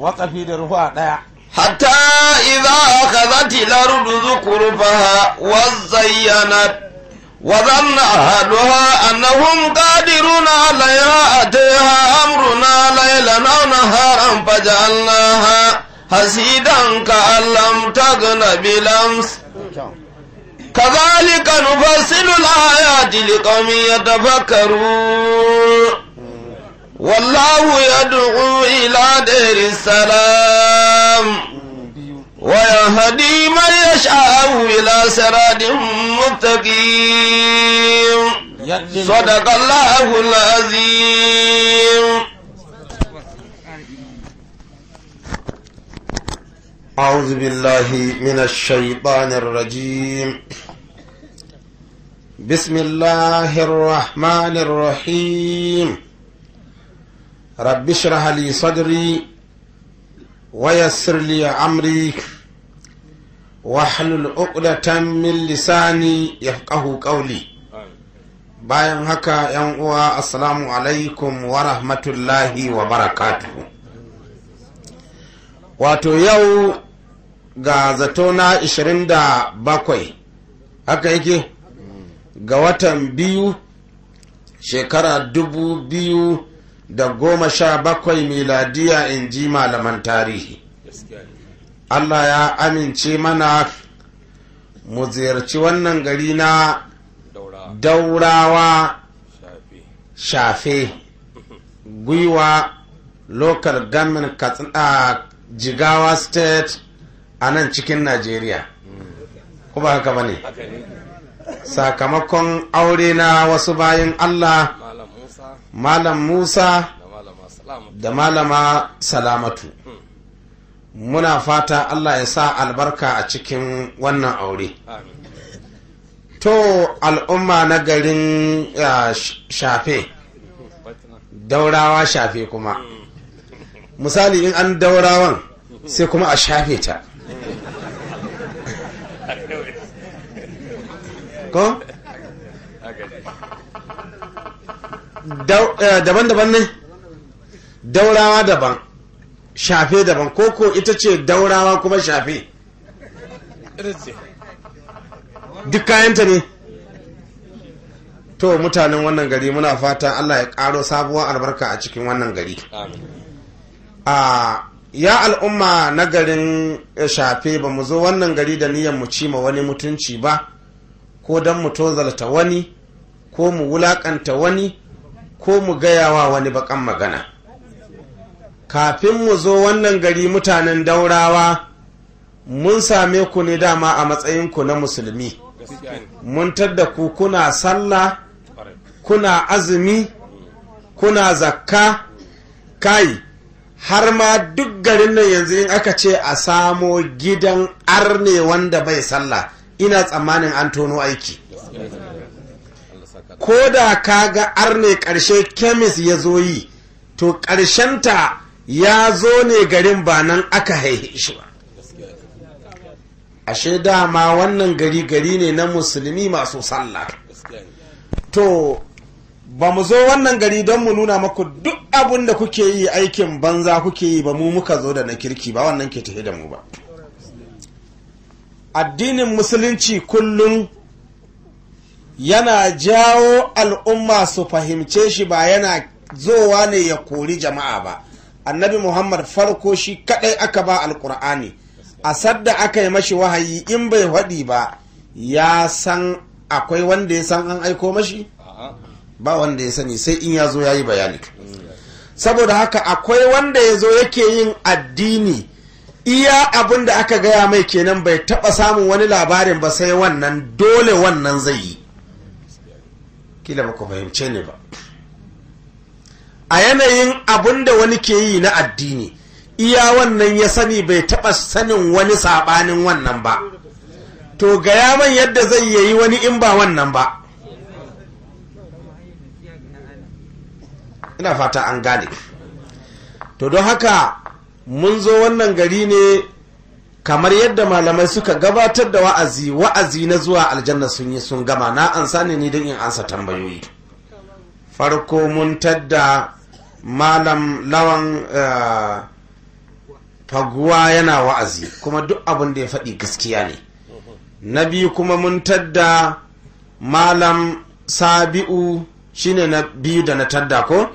wakafi da ruwa ɗaya hatta idza akhadhati al-ardu zukurfaha wa zayyanat wa dhanna ahluha annahum qadiruna alayha atayha amruna laylan aw naharan faj'alnaha hasidan ka allam tagna bilams kadhalika nufassilu al-ayati liqawmin yatafakkarun والله يدعو إلى دير السلام ويهدي من يشاء إلى سراد مستقيم صدق الله العظيم أعوذ بالله من الشيطان الرجيم بسم الله الرحمن الرحيم rabbi shirah li sadri wa yassir li amri wahlul uqdatan min lisani yafqahu bayan haka yan uwa assalamu alaikum wa rahmatullahi wa barakatuhu wato yau ga zato na 27 haka yake ga watan biyu shekara dubu biyu da goma sha bakwai miladiya in ji malaman tarihi allah ya amince mana mu ziyarci wannan gari na daurawa shafe gwiwa local government katsina jigawa state a nan cikin najeriya Kuma haka bane sakamakon aure na wasu bayan allah malam musa da malama salamatu muna fata allah ya sa albarka a cikin wannan aure to al'umma na garin shafe daurawa shafe kuma misali in an daurawan sai kuma a shafe ta ko Eh, daban-daban ne daurawa daban shafe daban koko ita ce daurawa kuma shafe duk kayanta ne to mutanen wannan gari muna fata allah ya karo sabuwar albarka a cikin wannan gari a ya al'umma na garin eh, shafe ba mu zo wannan gari da niyan mu ci ma wani mutunci ba ko don mu tozalta wani ko mu wulakanta wani ko mu gaya wa wani bakan magana kafin mu zo wannan gari mutanen daurawa mun same ku ne dama a matsayinku na musulmi mun tadda ku kuna sallah kuna azumi kuna zakka kai har ma duk garin nan yanzu in aka ce a samo gidan arne wanda bai sallah ina tsammanin an tono aiki ko da ka ga arne ƙarshe kemis ya zo yi to ta ya zo ne garin ba nan aka haihe shi ba ashe dama wannan gari gari ne na musulmi masu sallah to ba mu zo wannan gari don mu nuna maku duk abin da kuke yi aikin banza kuke yi ba mu muka zo da na kirki ba wannan ke tafi da mu ba addinin musulunci kullum yana jawo al'umma su fahimce shi ba yana zowa ne ya kori jama'a ba annabi muhammad farko shi kadai aka ba alkur'ani a sadda aka yi mashi wahayi in bai waɗi ba ya san akwai wanda ya san an aiko mashi ba wanda ya sani sai in ya zo ya yi bayani saboda haka akwai wanda ya zo yake yin addini iya abin da aka gaya mai kenan bai taɓa samun wani labarin ba sai wannan dole wannan zai yi kila ba ku fahimce ni ba a yanayin abun da wani ke yi na addini iya wannan ya sani bai taɓa sanin wani saɓanin wannan ba to gaya man yadda zai yayi wani in ba wannan ba ina fata an gane to don haka mun zo wannan gari ne kamar yadda malamai suka gabatar da wa'azi wa'azi na zuwa aljanna sun yi sun gama na ansa ne ni don in ansa tambayoyi farko mun tadda malam lawan eh, faguwa yana wa'azi kuma duk abin da ya faɗi gaskiya ne na biyu kuma mun tadda malam sabi'u shine na biyu da na tadda ko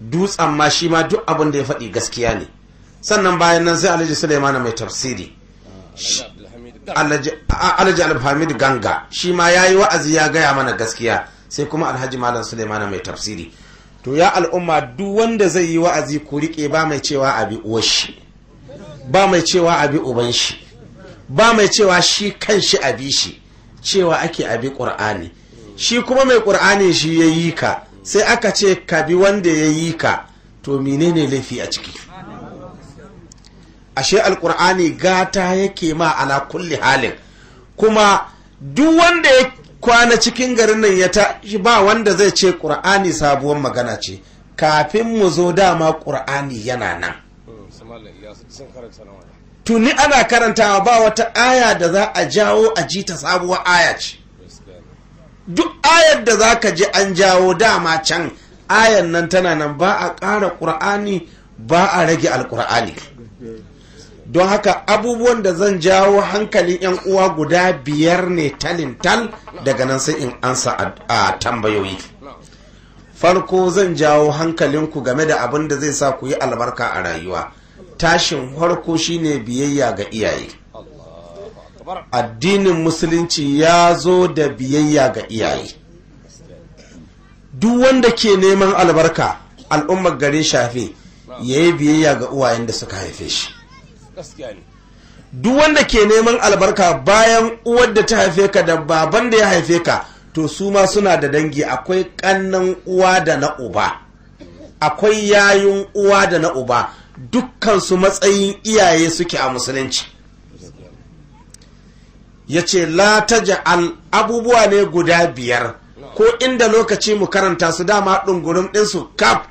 dutsen ma shi ma duk abin da ya faɗi gaskiya ne sannan bayan nan sai alhaji suleiman mai tafsiri alhaji alhamid ganga shi ma ya yi wa'azi ya gaya mana gaskiya sai kuma alhaji malam suleimana mai tafsiri to ya al'umma duk wanda zai yi wa'azi ku riƙe ba mai cewa abi ba mai cewa abi uban shi ba mai cewa shi kan shi abi shi cewa ake abi ƙur'ani shi kuma mai ƙur'ani shi ya yi ka sai aka ce ka bi wanda ya yi ka to menene laifi a ciki ashe alkur'ani gata yake ma ala kulli halin kuma duk wanda ya kwana cikin garin nan ya ta ba wanda zai ce ƙur'ani sabuwar magana ce kafin mu zo dama ƙur'ani yana nan tuni ana karantawa ba wata aya da za a jawo a ji ta sabuwar aya ce duk ayar da za ka ji an jawo dama can ayan nan tana nan ba a ƙara ƙur'ani ba a rage alƙur'ani don haka abubuwan da zan jawo hankalin 'yan uwa guda biyar ne talintal daga nan sai in ansa a tambayoyi farko zan jawo hankalinku game da abin da zai sa ku yi albarka a rayuwa tashin farko shine biyayya ga iyaye addinin musulunci ya zo da biyayya ga iyaye duk wanda ke neman albarka al'ummar gare shafe ya yi biyayya ga uwayen da suka haife shi duk wanda ke neman albarka bayan uwar da ta haife ka da baban da ya haife ka to su ma suna da dangi akwai ƙannan uwa da na uba akwai yayun uwa da na uba dukkan su matsayin iyaye suke a musulunci ya ce la ta ja'al abubuwa ne guda biyar ko inda lokaci mu karanta su dama ɗungurin ɗinsu kaf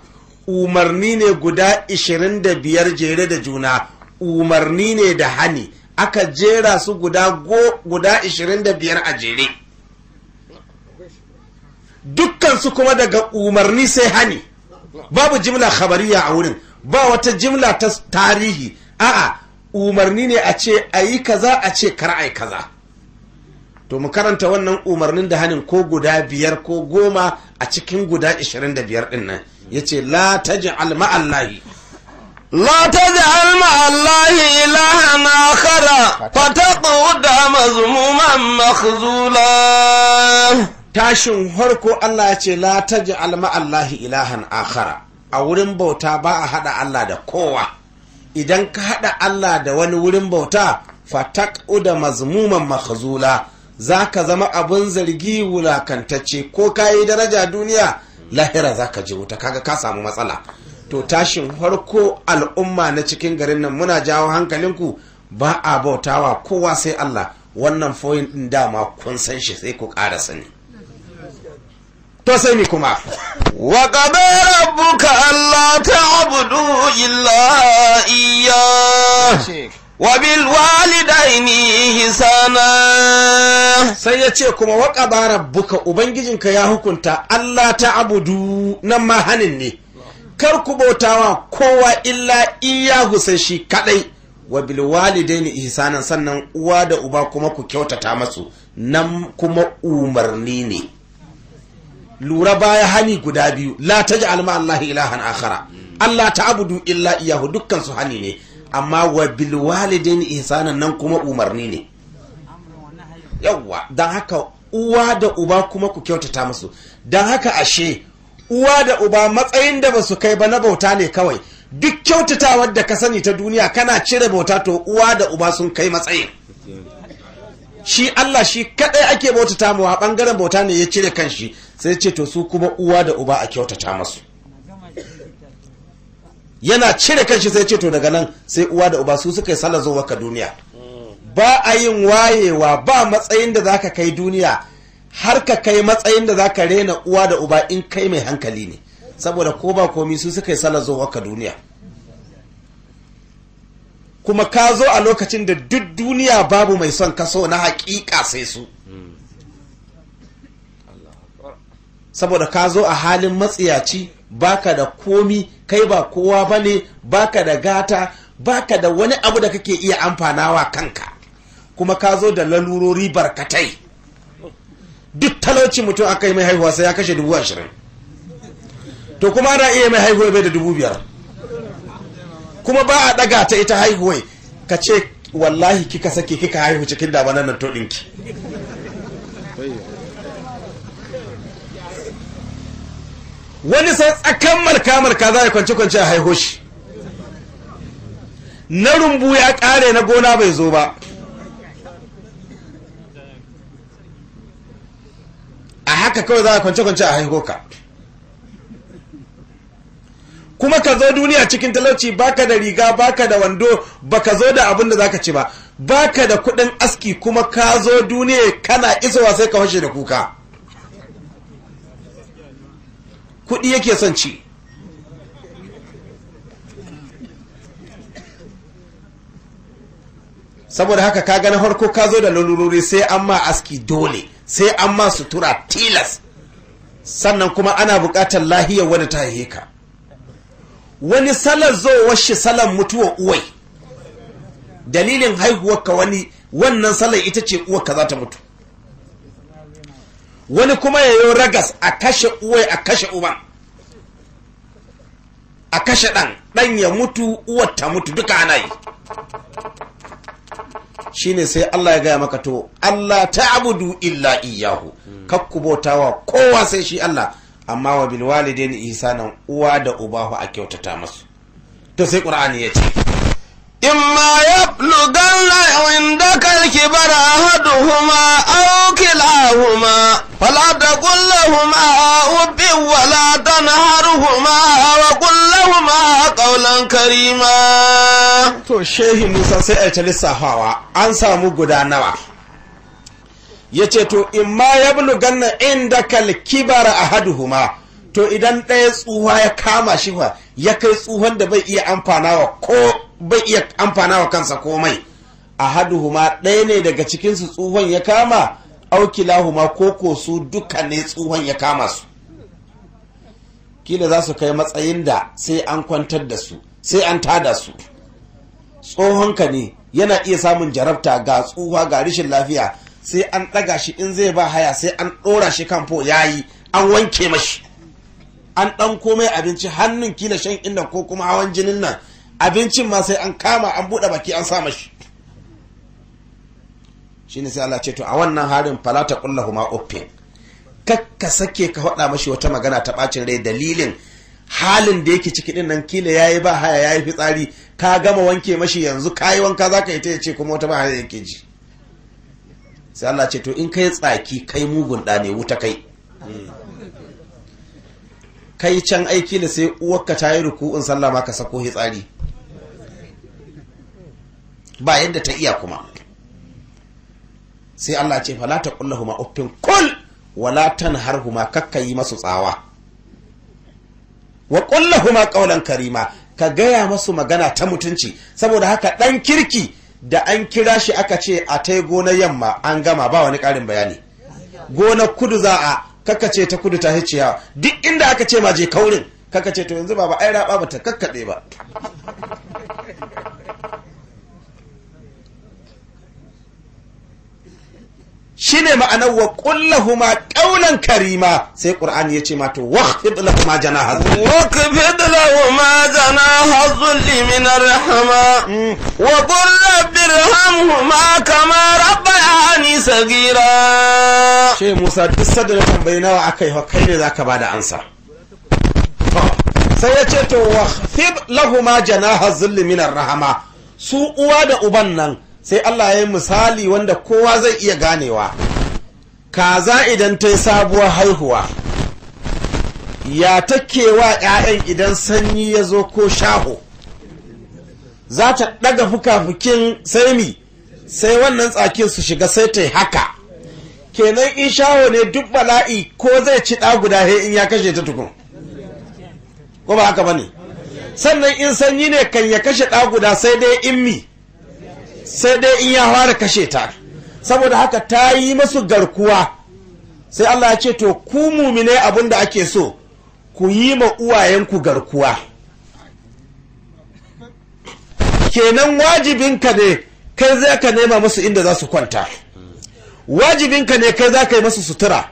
umarni ne guda 25 jere da juna umarni ne da hani aka jera su guda guda 25 a jere dukkansu kuma daga umarni sai hani babu jimla khabariya a wurin ba wata jimla ta tarihi a'a umarni ne a ce a yi kaza a ce kar ai kaza to mu karanta wannan umarnin da hanin ko guda biyar ko goma a cikin guda 25 din nan yace la taj'al ma'allahi لا تجعل مع الله إلها آخر فتقعد مذموما مخذولا tashin harko Allah ya ce la taj'al alma Allah ilahan akhara a wurin bauta ba a hada Allah da kowa idan ka hada Allah da wani wurin bauta da mazmuman makhzula zaka zama abun zargi wulakantacce ko kayi daraja duniya lahira zaka je wuta kaga ka samu matsala to tashin farko al'umma na cikin garin nan muna jawo hankalinku ba a bautawa kowa sai Allah wannan foyin din dama kun san shi sai ku ƙara sani to sai ni kuma wa qaba rabbuka alla ta'budu illa iya wa bil walidaini hisana sai ya ce kuma wa qaba rabbuka ubangijinka ya hukunta allah ta'budu nan ma hanin ne kar ku bautawa kowa illa iya sai shi kadai wa bil walidaini ihsanan sannan uwa da uba kuma ku kyautata masu nan kuma umarni ne lura baya hani guda biyu la taj'al ma allahi ilahan akhara allah ta'budu illa iyahu dukkan su hani ne amma wa bil walidaini ihsanan nan kuma umarni ne yawwa dan haka uwa da uba kuma ku kyautata masu. dan haka ashe uwa da uba matsayin da ba su kai ba na bauta ne kawai duk kyautatawar da ka sani ta duniya kana cire bauta to uwa da uba sun kai matsayin shi Allah shi kadai ake bautata mu a bangaren bauta ne ya cire kanshi sai ce to su kuma uwa da uba a kyautata masu yana cire kanshi sai ce to daga nan sai uwa da uba su suka yi sallar zuwa duniya ba a yin wayewa ba matsayin da zaka kai duniya har ka kai matsayin da za ka rena uwa da uba in kai mai hankali ne saboda ko ba komi su suka yi salar zuwa ka duniya kuma ka zo a lokacin da duk duniya babu mai son kaso na hakika sai su saboda ka zo a halin matsiyaci baka da komi kai ba kowa ba bane baka da gata baka da wani abu da kake iya amfanawa kanka kuma ka zo da lalurori barkatai duk talauci mutum aka yi mai haihuwa sai ya kashe dubu ashirin to kuma ana iya mai haihuwa bai da dubu biyar kuma ba a ɗaga ta ita haihuwai ka ce wallahi kika sake kika haihu cikin dabanan nan to ɗinki wani sai tsakan marka-marka za a kwanci-kwanci a haihu shi na rumbu ya ƙare na gona bai zo ba a haka kawai za a kwance-kwance a haihu ka kuma ka zo duniya cikin talauci baka da riga baka da wando baka zo da abin da za ka ci ba baka da kudin aski kuma ka zo duniya kana isowa sai ka fashe da kuka kudi yake son ci saboda haka ka gani harko ka zo da lalurori sai an ma aski dole sai an ma sutura tilas sannan kuma ana buƙatar lahiyar wani ta haihe ka wani salar zowar shi salar mutuwa uwai dalilin haihuwar ka wani wannan salar ita ce ka za ta mutu wani kuma ya yi ragas a kashe uwai a kashe uban a kashe ɗan ɗan ya mutu uwar ta mutu duka ana yi shine sai Allah ya gaya maka to Allah ta ta'budu illa iyyahu bautawa kowa sai shi Allah amma wa bil isa nan, uwa da uba a kyautata masu to sai qur'ani ya ce imma yablughanna indaka al-kibara ahaduhuma aw kilahuma fala taqul lahumā uffin wa la tanharhumā wa karima to shehi musa sai a ta lissafawa an samu guda nawa ya ce to in ma ya buluganna inda kalkibara a to idan ɗaya tsuwa ya kama shi wa ya kai tsuhon da bai iya amfanawa ko bai iya amfanawa kansa komai a huma ɗaya ne daga cikinsu tsuhon ya kama aukilahuma ko ko su duka ne tsuhon ya kama su kila za su kai matsayin da sai an kwantar da su sai an tada su tsohonka ne yana iya samun jarabta ga tsuwa ga rashin lafiya sai an ɗaga shi in zai ba haya sai an ɗora shi kan fo yayi an wanke mashi an ɗan komai abinci hannun kila shan inda ko kuma hawan jinin nan abincin ma sai an kama an buɗe baki an sa mashi shine sai Allah ce to a wannan harin falata kullahu ma uffin kakka sake ka faɗa mashi wata magana ta ɓacin rai dalilin halin da yake ciki ɗin nan kila ya yi ba haya ya yi fitsari ka gama wanke mashi yanzu ka yi wanka za ka yi ta ya ce kuma wata ba haya yake ji sai Allah ce to in kai tsaki kai mugun ɗa ne wuta kai kai can aiki da sai uwarka ta yi ruku'un sallah ma ka sako hitsari ba yadda ta iya kuma sai Allah ce fala ta kullahu ma uffin kul wala tan huma kakka yi masu tsawa wa huma qawlan karima ka gaya masu magana ta mutunci saboda haka ɗan kirki da an kira shi aka ce a tai gonar yamma an gama ba wani karin bayani gonar kudu za a kakka ce ta kudu ta yawa duk inda aka ce ma je kaurin kakka ce to yanzu baba ai raba bata kakkabe ba Shi ne ma'anar wa kullahuma qaulan karima sai qur'ani ya ce to waqfid lahumma janaha waqfid lahumma janaha dhulli min arhama hmm. wa qul rabbirhamhuma kama rabbayani sagira she Musa duk sadar tambayi nawa akai wa kai ne zaka bada ansa sai yace to waqfid lahumma janaha dhulli min arhama su uwa da uban nan sai Allah ya yi misali wanda kowa zai iya ganewa kaza idan ta yi sabuwar haihuwa ya take wa 'ya'yan idan sanyi ya zo ko shaho za ta ɗaga fuka-fukin sanyi, sai wannan tsakin su shiga sai ta haka kenan in shaho ne duk bala'i ko zai ci ɗa guda he in ya kashe ta tukun ko ba haka ba sannan in sanyi ne kan ya kashe ɗa guda sai dai in mi sai dai in ya fara kashe ta saboda haka ta yi masu garkuwa sai Allah ya ce to ku mumine abin da ake so ku yi ma uwayenku garkuwa kenan wajibinka ne kai za ka nema masu inda za su kwanta wajibinka ne kai za ka yi masu sutura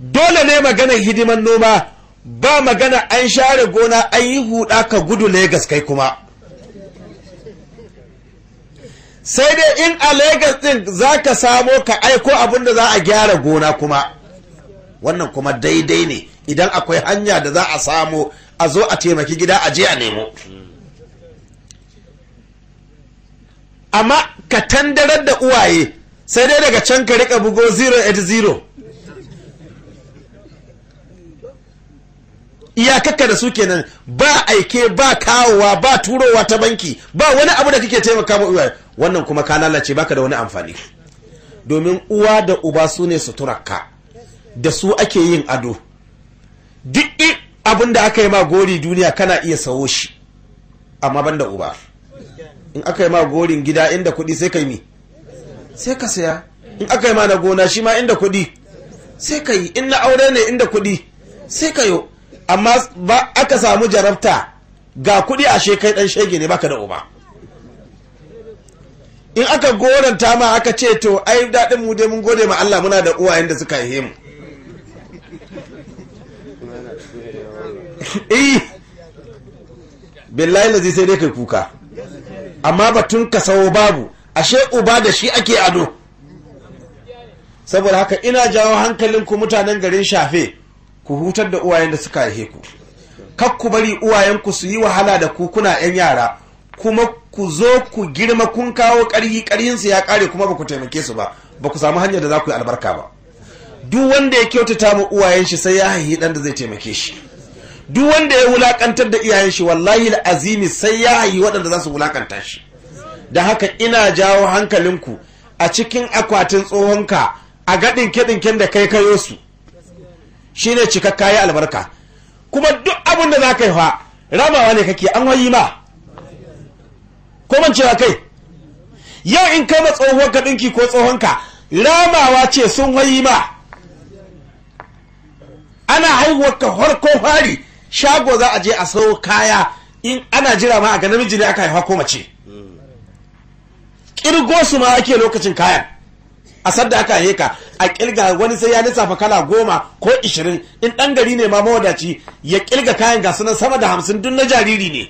dole ne maganar hidiman noma ba magana an share gona an yi huda ka gudu Legas kai kuma sai dai in a Lagos din za ka samo ka aiko abin da za a gyara gona kuma wannan kuma daidai ne idan akwai hanya da za a samo a zo a taimaki gida a je a nemo amma ka tandarar da uwaye sai dai daga can ka rika bugo 080 iyakakka da su kenan ba aike ba kawowa ba turowa ta banki ba wani abu da kake taimaka ma uwa wannan kuma ka lalace baka da wani amfani domin uwa da uba su ne suturarka da su ake yin ado duk abin da aka yi ma gori duniya kana iya sawo shi amma banda uba in aka yi ma gorin gida inda kuɗi sai kai mi sai ka saya in aka yi ma na gona shi ma inda kuɗi sai ka yi in na aure ne inda kuɗi sai ka yi. amma ba aka samu jarabta ga kuɗi a shekai ɗan shege ne baka da uba in aka goranta ma aka ce to ai daɗin mu dai mun gode ma Allah muna da uwayen da suka yi mu eh billahi lazi sai dai kai kuka amma batun ka sawo babu ashe uba da shi ake ado saboda haka ina jawo hankalinku mutanen garin shafe ku hutar da uwayen da suka haife ku kar ku bari uwayenku su yi wahala da ku kuna yan yara kuma ku zo ku girma kun kawo ƙarhi su ya ƙare kuma ba ku taimake su ba ba ku samu hanyar da za ku yi albarka ba duk wanda ya kyautata ma uwayen shi sai ya haihi ɗan da zai taimake shi duk wanda ya wulakantar da iyayen shi wallahi azimi sai ya haihi waɗanda za su wulakanta shi da haka ina jawo hankalinku a cikin akwatin tsohonka a gaɗin kiɗinkin da kai kayo su shine cikakka ya albarka kuma duk abin da za ka yi fa ramawa ne kake an wayi ma ko man cewa kai yau in kai ma tsohon ka dinki ko tsohon ka ramawa ce sun wayi ma ana haihuwa ka farko fari shago za a je a sayo kaya in ana jira ma a ga namiji ne aka haifa ko mace kirgo su ma ake lokacin kayan a sadda aka yi ka a kirga wani sai ya lissafa kala goma ko ishirin in ɗan gari ne ma mawadaci ya kirga kayan gasu nan sama da hamsin duk na jariri ne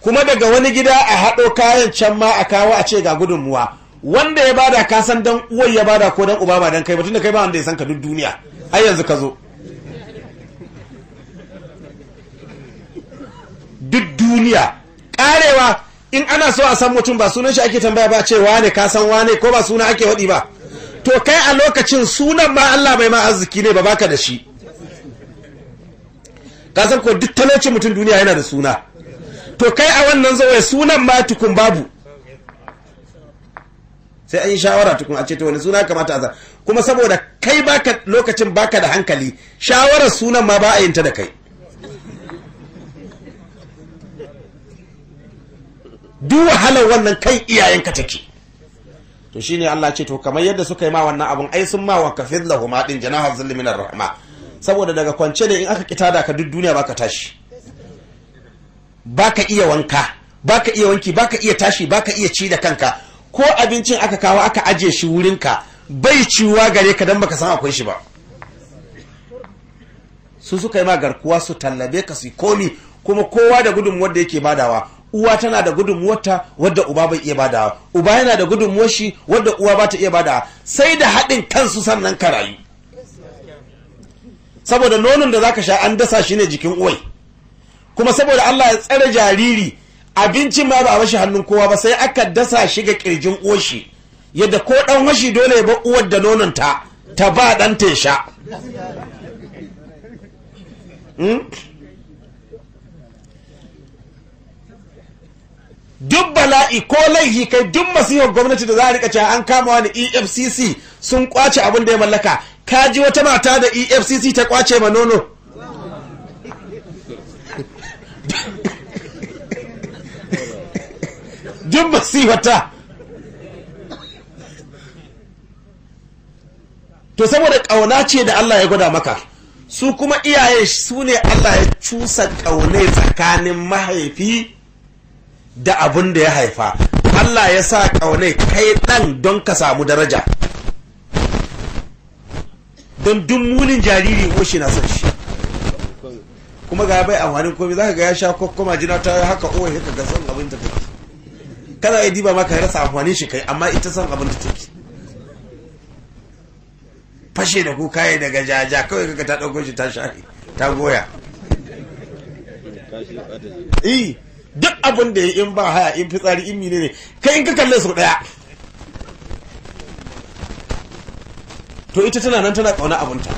kuma daga wani gida a haɗo kayan can ma a kawo a ce ga gudunmuwa wanda ya bada ka san dan uwar ya bada ko dan uba ba dan kai ba tunda kai ba wanda ya san ka duk duniya ai yanzu ka zo duk duniya karewa in ana so a san mutum ba sunan shi ake tambaya ba ce wane ka san wane ko ba suna ake waɗi ba to kai a lokacin sunan ma Allah bai ma arziki ne ba baka da shi ka san ko duk talaucin mutum duniya yana da suna to kai a wannan zawai sunan ma tukun babu sai an yi shawara tukun a ce to wani suna kamata a kuma saboda kai baka lokacin baka da hankali shawarar sunan ma ba a yin ta da kai duk wahalar wannan kai iyayenka take to shine Allah ce to kamar yadda suka yi ma wannan abun ai sun ma wa kafir lahum adin janaha min rahma saboda daga kwance ne in aka kita da ka duk duniya baka tashi baka iya wanka baka iya wanki baka iya tashi baka iya ci da kanka ko abincin aka kawo aka aje shi wurinka bai ciwa gare ka dan baka san akwai shi ba su suka yi ma garkuwa su tallabe ka su komi kuma kowa da gudunmuwar da yake badawa uwa tana da gudunmuwarta wadda uba bai iya bada uba yana da gudunmuwar shi wadda uwa ba ta iya bada sai da haɗin kansu sannan ka rayu saboda nonon da zaka sha an dasa shi ne jikin uwai kuma saboda Allah ya tsare jariri abinci ma ba a bashi hannun kowa ba sai aka dasa shi ga kirjin uwar shi yadda ko dan washi dole ya ba uwar da nonon ta ta ba dan ta sha hmm? duk bala'i ko laifi kai duk masifar gwamnati da za a rika an kama wani efcc sun kwace abin da ya mallaka ka ji wata mata da efcc ta kwace ma nono duk masifata to saboda ƙauna ce da Allah ya gwada maka su kuma iyaye su ne Allah ya cusa kaune tsakanin mahaifi da abin da ya haifa Allah ya sa ƙaunai kai ɗan don ka samu daraja don dun munin jariri oshi na son shi kuma ga bai amfanin komai za ka ga ya sha kwakwama jina ta haka owa haka ga son abin ta take kana ya diba maka rasa amfanin shi kai amma ita son abin ta take fashe da kuka yi daga jaja kawai kaka ta ɗauko shi ta share ta goya duk abin da ya in ba haya in fitsari in mine ne kai in ka kalle sau daya to ita tana nan tana kauna abunta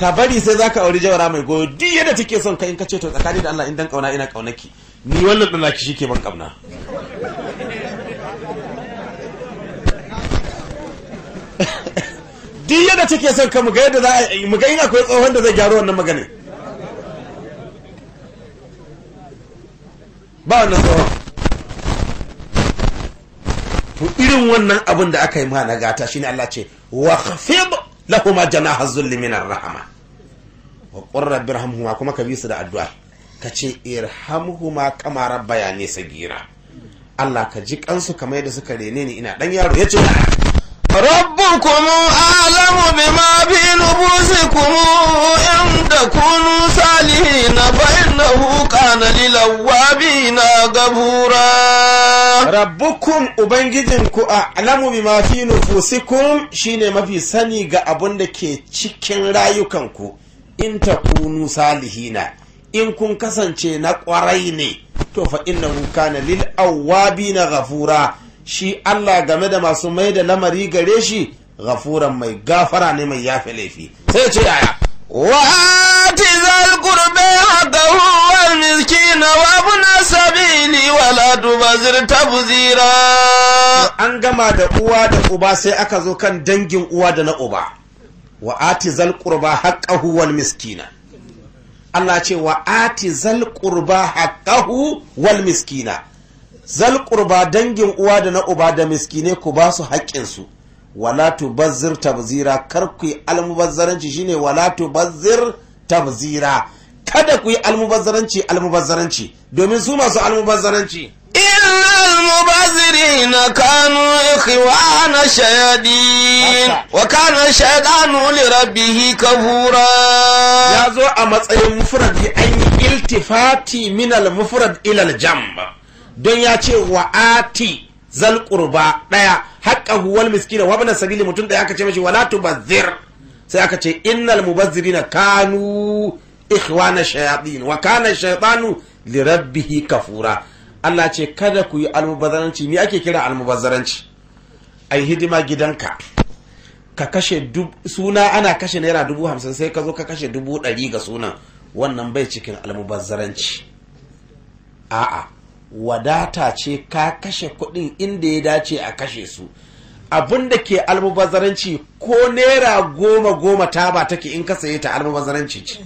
ka bari sai zaka auri jawara mai goyo duk yadda take son kai in ka ce to tsakani da Allah in dan kauna ina kaunaki ni wannan dan shi ke ban kauna duk yadda take son ka mu ga yadda za mu ga in akwai tsohon da zai gyaro wannan maganin ba wannan tsawon to irin wannan abin da aka yi ma na gata ne Allah ce wa khafib lahuma janaha zulli min rahama wa qur rabbi rahmuhuma kuma ka bi su da addu'a ka ce irhamhuma kama rabbayani sagira Allah ka ji kansu kamar yadda suka rene ni ina dan yaro yace Rabbukum alamu bima binu kusikun, inda kunu salihin na fahimta wuka na gabura. RabbuKum, uban ku a alamu bima binu kusikun, shi mafi sani ga abun da ke cikin rayukanku in ta kunu salihin na, in kun kasance na kwarai ne, to fa in na wuka na lilauwa shi Allah game da masu mai da lamari gare shi ghafuran mai gafara ne mai yafe laifi sai ce yaya wa'ati zal qurbi wal miskin wa ibn sabili wa la tubzir tabzira an gama da uwa da uba sai aka zo kan dangin uwa da na uba wa'ati zal qurba haqqahu wal miskina Allah ce wa'ati zal qurba haqqahu wal miskina zal qurba dangin uwa da na uba da miskine ku ba su haƙƙinsu wala bazzir tabzira kar ku yi almubazzaranci shine wala bazzir tabzira kada ku yi almubazzaranci almubazzaranci domin su masu almubazzaranci المبذرين كانوا إخوان الشياطين وكان الشيطان لربه a matsayin زو أما مفرد أي التفاتي من المفرد ilal الجنب don ya ce wa'ati zal ɗaya daya haƙa huwal miskina wa bana sabili mutum da aka ce mashi wala bazir? sai aka ce innal mubazzirina kanu ikhwana shayatin wa kana shaytanu li kafura Allah ce kada ku yi almubazzaranci ni ake kira almubazzaranci ai hidima gidanka ka kashe suna ana kashe naira dubu hamsin sai ka zo ka kashe dubu ɗari ga sunan wannan bai cikin almubazzaranci a'a wadata ce ka kashe kuɗin inda ya dace a kashe su abin da ke almubazaranci ko naira goma goma ba take in ka saye ta almubazaranci ce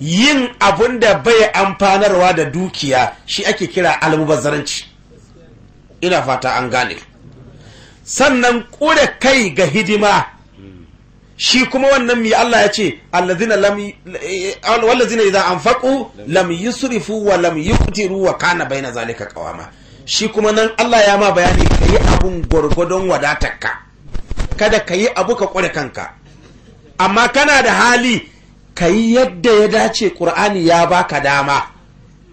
yin abin da bai amfanarwa da dukiya shi ake kira almubazaranci ina fata an gane sannan kure kai ga hidima shi kuma wannan mi Allah ya ce allazina lam wallazina idza anfaqu lam yusrifu wa lam yuqtiru wa kana baina zalika qawama shi kuma nan Allah ya ma bayani kayi abun gwargwadon wadatarka kada kayi abu ka kware kanka amma kana da hali kayi yadda ya dace Qur'ani ya baka dama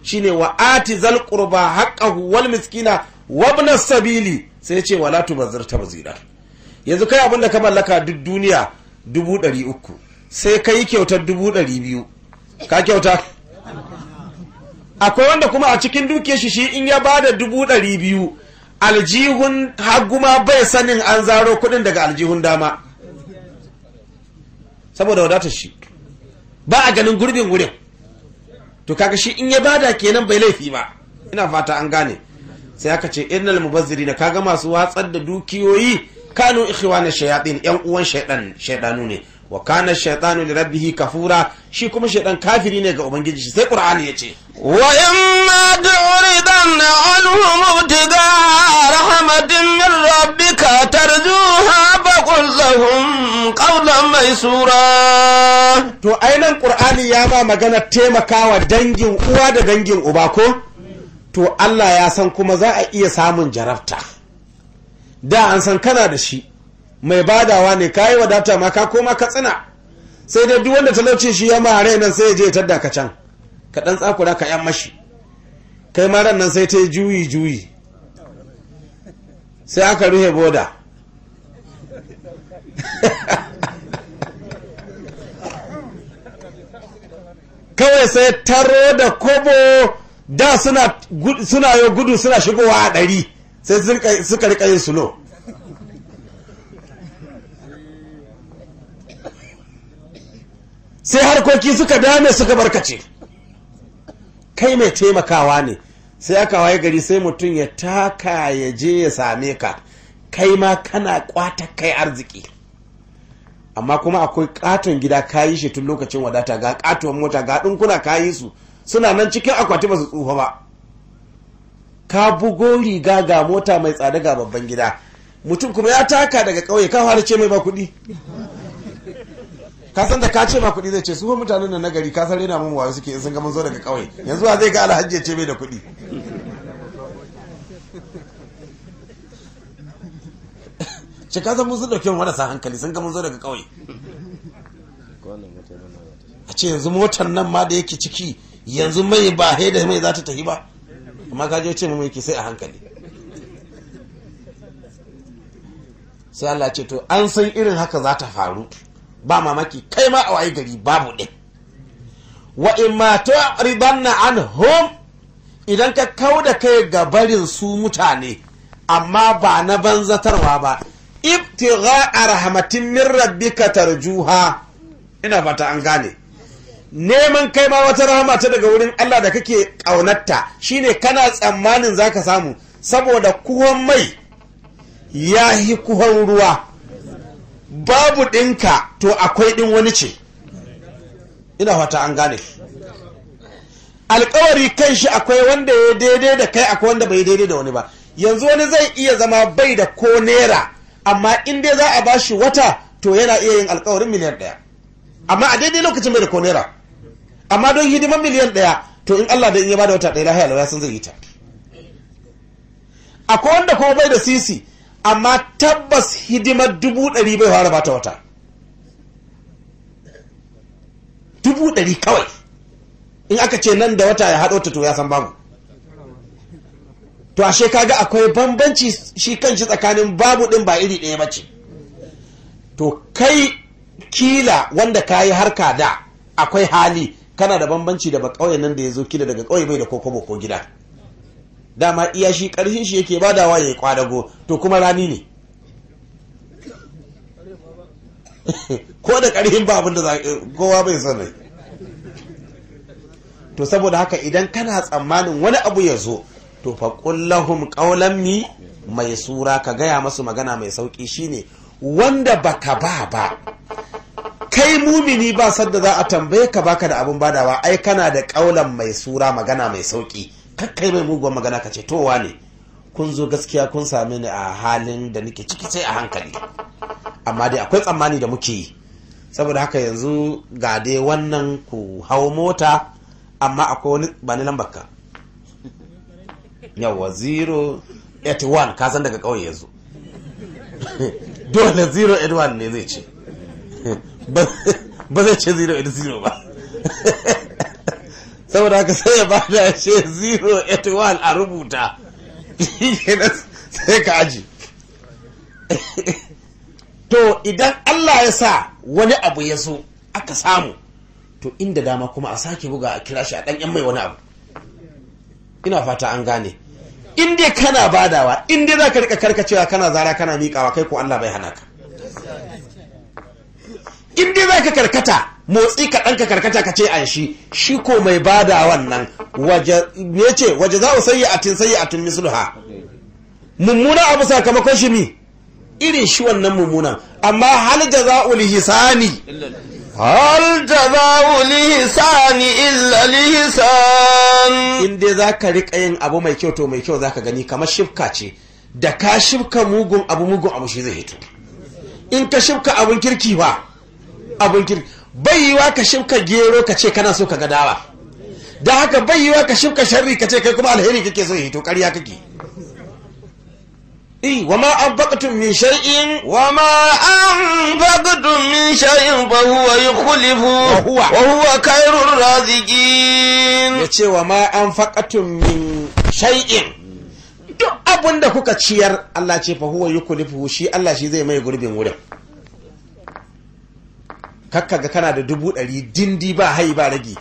shine wa ati zal qurba haqqahu wal miskina wa sabili sai ya ce wala tubazzir tabzira yanzu kai abin ka mallaka duk duniya dubu ɗari uku sai ka yi kyautar dubu ɗari biyu ka kyauta akwai wanda kuma a cikin dukiyar shi shi in ya ba da dubu ɗari biyu aljihun haguma bai sanin an zaro kuɗin daga aljihun dama saboda wadatar shi ba a ganin gurbin wurin to kaga shi in ya bada kenan bai laifi ba ina fata an gane sai aka ce innal mubazzirina ka kaga masu watsar da dukiyoyi kanu ikhwana shayatin yan uwan shaydan shaydanu ne wa kana shaytanu li rabbihi kafura shi kuma shaydan kafiri ne ga ubangiji shi sai qur'ani yace wa imma du'ridan anhum mudda rahmatin min rabbika tarjuha qul lahum qawlan maysura to ainan qur'ani ya ba magana taimakawa dangin uwa da dangin uba ko to Allah ya san kuma za a iya samun jarabta da an san kana da shi mai badawa ne ka yi wadata ma ka koma ka tsina sai dai duk wanda talauci shi ya mare nan sai ya je tadda ka can ka dan tsakura ka yan mashi kai ma ran nan sai ta yi juyi juyi sai aka ruhe boda kawai sai taro da kobo da suna yo gudu suna shigowa a ɗari sai suka rika yin sulo sai harkoki suka dame suka barkace kai mai taimakawa ne sai aka waye gari sai mutum ya taka ya je ya same ka kai ma kana kwata kai arziki amma kuma akwai katon gida kayi shi tun lokacin wadata ga katon mota ga dinkuna kayi su suna nan cikin akwati ba su tsufa ba ka bugo riga ga mota mai tsada ga babban gida mutum kuma ya taka daga ƙauye ka fara ce mai ba kuɗi ka san da ka ce ba kuɗi zai ce su ko mutanen nan nagari ka san rena mun suke in sun ga mun zo daga ƙauye yanzu wa zai ga alhaji ya ce mai da kuɗi ce ka san mun sun dauke mu marasa hankali sun ga mun zo daga ƙauye a ce yanzu motar nan ma da yake ciki yanzu mai ba da mai za ta tafi ba amma kaje ce mu yake sai a hankali sai Allah ce to an san irin haka za ta faru ba mamaki kai ma a waye gari babu ɗin wa in ribanna an hom idan ka da kai ga barin su mutane amma ba na banzatarwa ba a rahmatin min rabbika tarjuha ina fata an gane neman kai ma wata rahama ta daga wurin Allah da kake ƙaunarta shine kana tsammanin zaka samu saboda kuhon mai ya yi kuhon ruwa babu ɗinka to akwai ɗin wani ce ina wata an gane alkawari kan shi akwai wanda ya daidai da kai akwai wanda bai daidai da wani ba yanzu wani zai iya zama bai da ko naira amma in dai za a bashi wata to yana iya yin alkawarin miliyan ɗaya amma a daidai lokacin bai da ko naira amma don hidiman miliyan ɗaya to in Allah da in ya bada wata ɗaya lahiya lauya sun zai yi ta akwai wanda kuma bai da sisi amma tabbas hidimar dubu ɗari bai fara bata wata dubu ɗari kawai in aka ce nan da wata ya haɗo ta to ya san babu to ashe kaga akwai bambanci shi kanshi tsakanin babu ɗin ba iri ɗaya bace to kai kila wanda ka yi harka da akwai hali kana da bambanci da bakauyen nan da ya zo kila daga kauye bai da kokobo ko gida dama iya shi karhin shi yake badawa ya yi kwadago to kuma rani ne ko da karhin ba abin da kowa bai san rai to saboda haka idan kana tsammanin wani abu ya zo to fa kullahum qawlan mi mai sura ka gaya masu magana mai sauki shine wanda baka ba ba kai mumini ba sadda za a tambaye ka baka da abin badawa ai kana da kaulan mai sura magana mai sauki kai mai muguwar magana ka ce to ne kun zo gaskiya kun sami ni a halin da nike ciki sai a hankali amma dai akwai tsammani da muke yi saboda haka yanzu ga dai wannan ku hau mota amma akwai wani ba ni lambar ka yawa 081 ka san daga kauye yanzu dole 081 ne zai ce ba zai ce 0 in 0 ba saboda haka sai ya bada ce 081 a rubuta sai ka aji to idan Allah ya sa wani abu ya zo aka samu to inda dama kuma a sake buga a kira shi a ɗanyen mai wani abu ina fata an gane inda kana badawa in dai za ka rika karkacewa kana zara kana miƙawa kai ko Allah bai hana ka in dai za karkata motsi kaɗan ka karkata ka ce an shi shi ko mai bada wannan ya ce waje za a sayi atin sayi atin misluha mummuna abu sakamakon shi mi irin shi wannan mummuna amma hal jaza'ul hisani hal jaza'ul hisani illa lihisan in dai za ka riƙa yin abu mai kyau to mai kyau za ka gani kamar shifka ce da ka shifka mugun abu mugun abu shi zai hito in ka shifka abun kirki ba abin kirki bai yiwa ka shifka gero ka ce kana so ka ga dawa da haka bai yiwa ka shifka sharri ka ce kai kuma alheri kake so to ƙarya kake eh, Wa ma an من شيء وما أنفقتم من شيء فهو يخلفه وهو, وهو خير الرازقين yace wa ma an anfaqatum min shay'in duk abinda kuka ciyar Allah ce fa huwa yukhlifuhu shi Allah shi zai mai gurbin wurin kakka ga kana da dubu ɗari dindi ba hai ba rage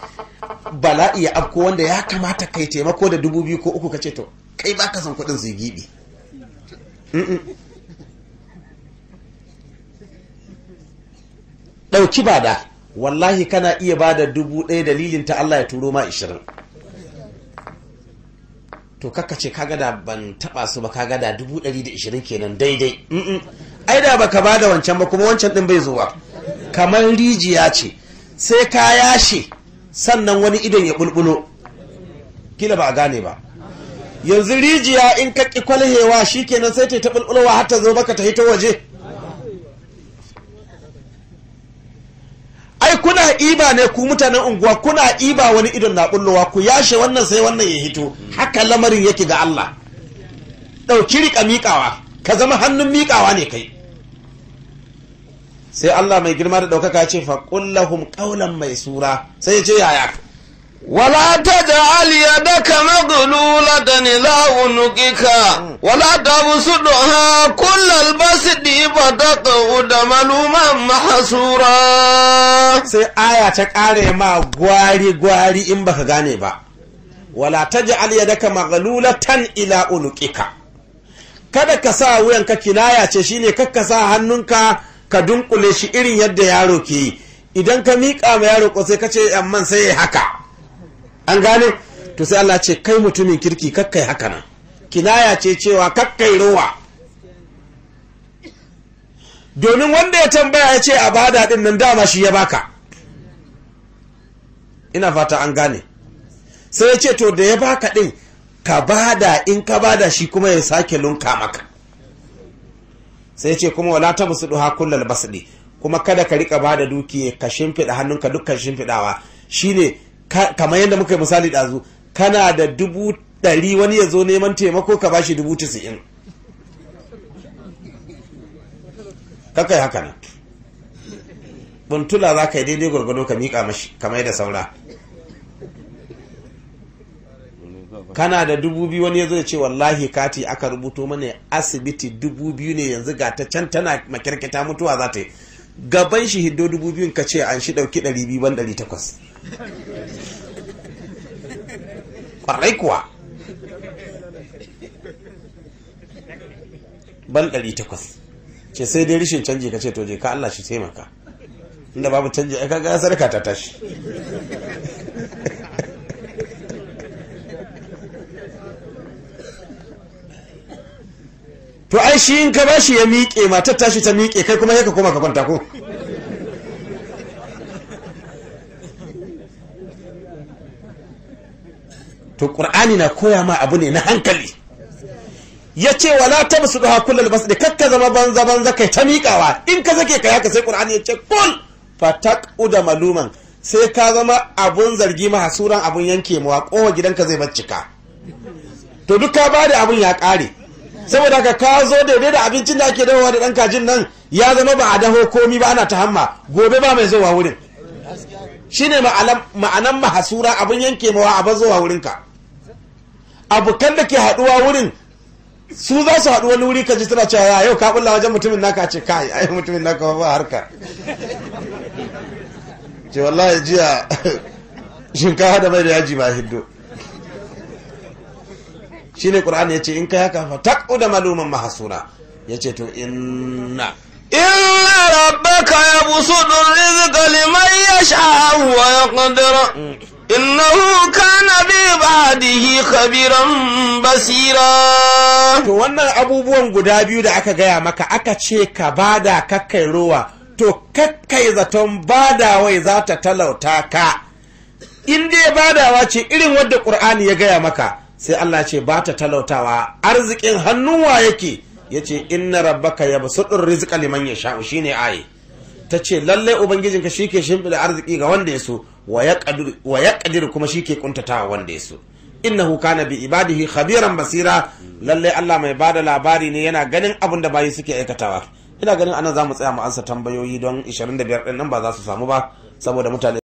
bala'i ya afko wanda ya kamata kai taimako da dubu biyu ko uku ka ce to kai ba ka san kuɗin zai gibi ɗauki ba da wallahi kana iya ba da dubu ɗaya dalilin ta Allah ya turo ma ishirin to kakka ce kaga da ban taɓa su ba kaga da dubu ɗari da ishirin kenan daidai ai da baka ba da wancan ba kuma wancan ɗin bai zuwa kamar rijiya ce sai ka yashe sannan wani idon ya bulbulo kila ba a gane ba yanzu rijiya in ka ƙi kwalhewa kenan sai ta ta bulbulowa har ta zo baka ta hito waje ai kuna iba ne ku mutanen unguwa kuna iba wani idon na bullowa ku yashe wannan sai wannan ya hito haka lamarin yake ga Allah ɗauki riƙa miƙawa ka zama hannun miƙawa ne kai sai Allah mai girma da ɗaukaka ce fa kullahum mai sura sai ya ce yaya ولا تجعل يدك مغلولة إلى عنقك ولا تبسطها كل ƙau da maluman mahasura sai aya ta kare ma gwari gwari in baka gane ba wala ta da taj'al yadaka tan ila unugika. kada ka sa wuyanka kinaya ce shine kakka sa hannunka ka dunkule shi irin yadda yaro ke yi idan ka miƙa ma yaro ko sai ka ce amman sai ya haka an gane to sai Allah ce kai mutumin kirki kakkai haka nan kinaya ce cewa kakkai rowa domin wanda ya tambaya ya ce abada bada din nan dama shi ya baka ina fata an gane sai ya ce to da ya baka din ka bada in ka bada shi kuma ya sake lunka maka sai ce kuma wala ta musu duha kullal basdi kuma kada ka rika bada dukiya ka shimfida hannunka dukkan shimfidawa shine kamar yadda muka yi misali ɗazu kana da dubu ɗari wani ya zo neman taimako ka bashi dubu tisa'in kakai haka nan buntula za ka yi daidai gwargwado ka miƙa mashi kamar yadda saura kana da dubu biyu wani ya zo ya ce wallahi kati aka rubuto mana asibiti dubu biyu ne yanzu ga ta can tana makirkita mutuwa za ta yi gaban shi hiddo dubu biyun ka ce an shi ɗauki ɗari biyu ban ɗari takwas ƙwarai kuwa ban ɗari takwas ce sai dai rishin canji ka ce to je ka Allah shi taimaka inda babu canji ai kaga sarka ta tashi to ai shi in ka bashi ya miƙe matar tashi ta miƙe kai kuma sai ka koma ka kwanta ko to qur'ani na koya ma abu ne na hankali ya ce wa na ta kullal bas da kakka zama banza banza kai ta miƙawa in ka sake ka haka sai qur'ani ya ce kul fataquda maluman sai ka zama abun zargi mahasuran abun yanke mawa kowa gidanka zai ka. to dukka bada abun ya ƙare saboda ka ka zo daidai da abincin da ake dawowa da ɗan kajin nan ya zama ba a daho komi ba ana ta hamma gobe ba mai zuwa wurin Shi ne ma'anan mahasura abin yanke mawa a ba zuwa wurinka abokan da ke haɗuwa wurin su za su haɗu wani wuri ka ji suna cewa yau ka ɓulla wajen mutumin naka ce kai ai mutumin naka ba harka ce wallahi jiya shinkafa da mai da yaji ba hiddo shine ya ce, in kai haka fa da maluman mahsura yace to inna inna rabbaka yabsutu rizqa liman Inna wa yaqdir innahu kana bi ibadihi khabiran basira to wannan abubuwan guda biyu da aka gaya maka aka ce ka bada kakkai ruwa to kakai zaton wai za ta talauta ka in dai badawa ce irin wadda ƙur'ani ya gaya maka sai Allah ce ba ta talautawa arzikin hannuwa wa yake ce inna rabbaka yabsutur rizika liman ya shi ne aye tace lallai ubangijinka shike shimfida arziki ga wanda ya so wa yaqdir wa kuma shi ke ƙuntatawa wanda ya inna hu kana bi ibadihi khabiran basira Lallai Allah mai bada labari ne yana ganin abin da bayi suke aikatawa ina ganin anan mu tsaya mu ansa tambayoyi don 25 ɗin nan ba za su samu ba saboda mutane